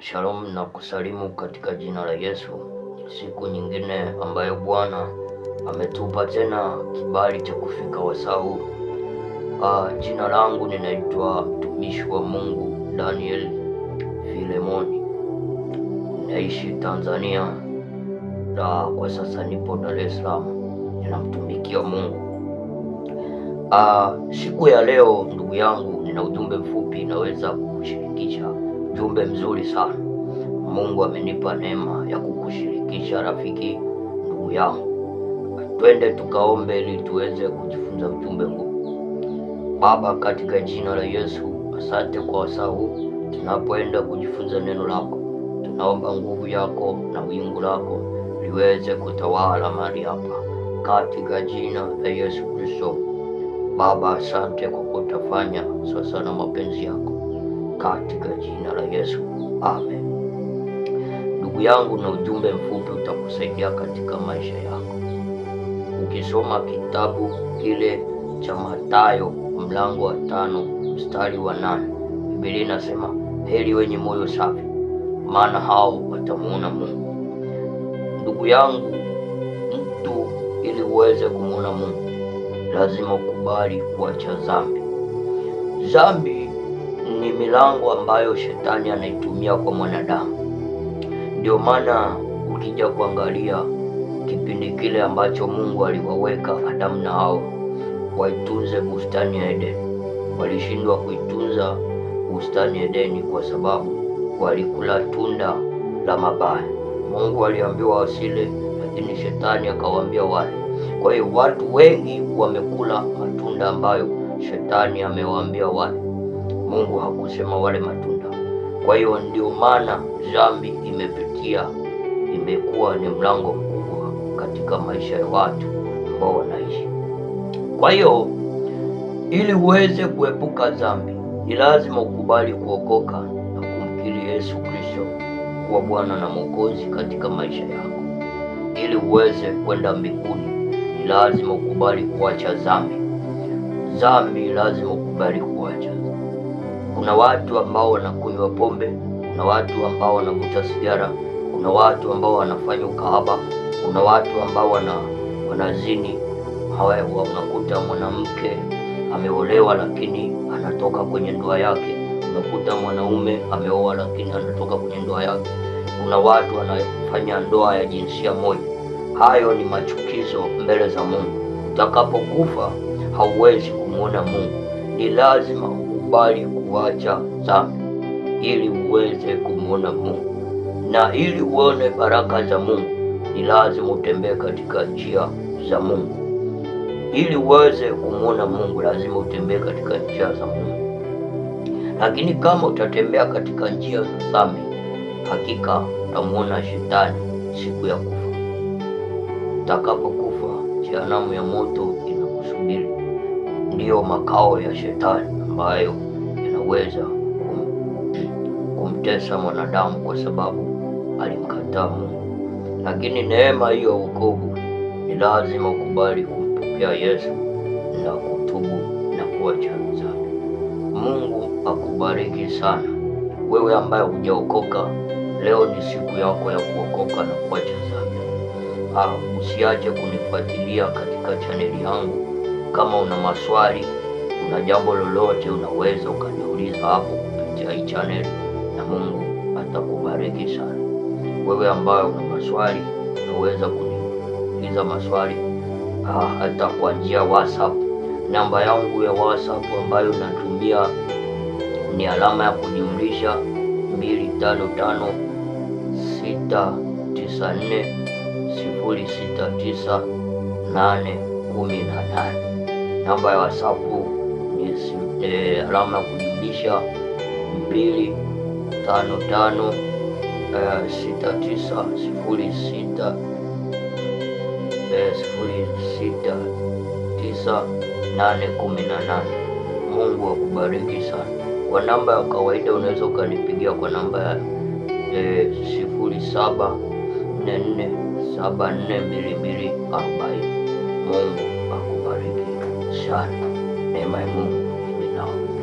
Shalom na kusalimu katika jina la Yesu. Siku nyingine ambayo Bwana ametupa tena kibali cha kufika wasau. Ah, jina langu ninaitwa mtumishi wa Mungu Daniel Filemoni, Naishi Tanzania na kwa sasa nipo Dar es Salaam, ninamtumikia Mungu. Ah, siku ya leo ndugu yangu, nina ujumbe mfupi naweza kushirikisha ujumbe mzuri sana. Mungu amenipa neema ya kukushirikisha rafiki, ndugu yangu. Twende tukaombe ili tuweze kujifunza ujumbe huu. Baba, katika jina la Yesu, asante kwa wasaa huu tunapoenda kujifunza neno lako. Tunaomba nguvu yako na wingu lako liweze kutawala mahali hapa, katika jina la Yesu Kristo. Baba, asante kwa kutafanya sasa na mapenzi yako katika jina la Yesu, amen. Ndugu yangu, na ujumbe mfupi utakusaidia katika maisha yako. Ukisoma kitabu kile cha Mathayo mlango wa tano mstari wa nane Biblia inasema heri wenye moyo safi, maana hao watamuona Mungu. Ndugu yangu, mtu ili uweze kumuona Mungu lazima ukubali kuacha dhambi. Dhambi ni milango ambayo shetani anaitumia kwa mwanadamu. Ndio maana ukija kuangalia kipindi kile ambacho Mungu aliwaweka Adamu na Hawa waitunze bustani ya Edeni, walishindwa kuitunza bustani Edeni kwa sababu walikula tunda la mabaya. Mungu aliambiwa wasile, lakini shetani akawaambia wale. Kwa hiyo watu wengi wamekula matunda ambayo shetani amewaambia wale. Mungu hakusema wale matunda. Kwa hiyo ndio maana dhambi imepitia, imekuwa ni mlango mkubwa katika maisha ya watu ambao wanaishi. Kwa hiyo ili uweze kuepuka dhambi, ni lazima ukubali kuokoka na kumkiri Yesu Kristo kuwa Bwana na Mwokozi katika maisha yako. Ili uweze kwenda mbinguni, ni lazima ukubali kuacha dhambi. Dhambi lazima ukubali kuna watu ambao wanakunywa pombe, kuna watu ambao wanavuta sigara, kuna watu ambao wanafanya ukahaba, kuna watu ambao wana wanazini. Hawa unakuta mwanamke ameolewa lakini anatoka kwenye ndoa yake, unakuta mwanaume ameoa lakini anatoka kwenye ndoa yake. Kuna watu wanafanya ndoa ya jinsia moja. Hayo ni machukizo mbele za Mungu. Utakapokufa hauwezi kumwona Mungu, ni lazima usikubali kuacha dhambi ili uweze kumwona Mungu, na ili uone baraka za Mungu ni lazima utembee katika njia za Mungu. Ili uweze kumwona Mungu lazima utembee katika njia za Mungu, lakini kama utatembea katika njia za dhambi, hakika utamwona shetani siku ya kufa. Utakapokufa jehanamu ya moto inakusubiri ndiyo makao ya shetani ambayo yanaweza kumtesa mwanadamu kwa sababu alimkataa Mungu. Lakini neema hiyo wokovu ni lazima ukubali kumpokea Yesu na kutubu na kuacha dhambi. Mungu akubariki sana wewe ambaye hujaokoka. Leo ni siku yako ya kuokoka na kuacha dhambi. Ah, usiache kunifuatilia katika chaneli yangu kama una maswali, una jambo lolote, unaweza ukaniuliza hapo kupitia hii channel, na Mungu atakubariki sana. Wewe ambaye una maswali, unaweza kuniuliza maswali ah, hata kwa njia WhatsApp. Namba yangu ya WhatsApp ambayo natumia ni alama ya kujumlisha 255 694 na nane namba ya WhatsApp e, alama ya kujumlisha mbili tano tano e, sita tisa sifuri sita e, sifuri sita tisa nane kumi na nane. Mungu akubariki sana. Kwa namba ya kawaida unaweza ukanipigia kwa namba ya e, sifuri saba nne nne saba nne mbili mbili arobaini. Mungu akubariki. Shot may my womb be long.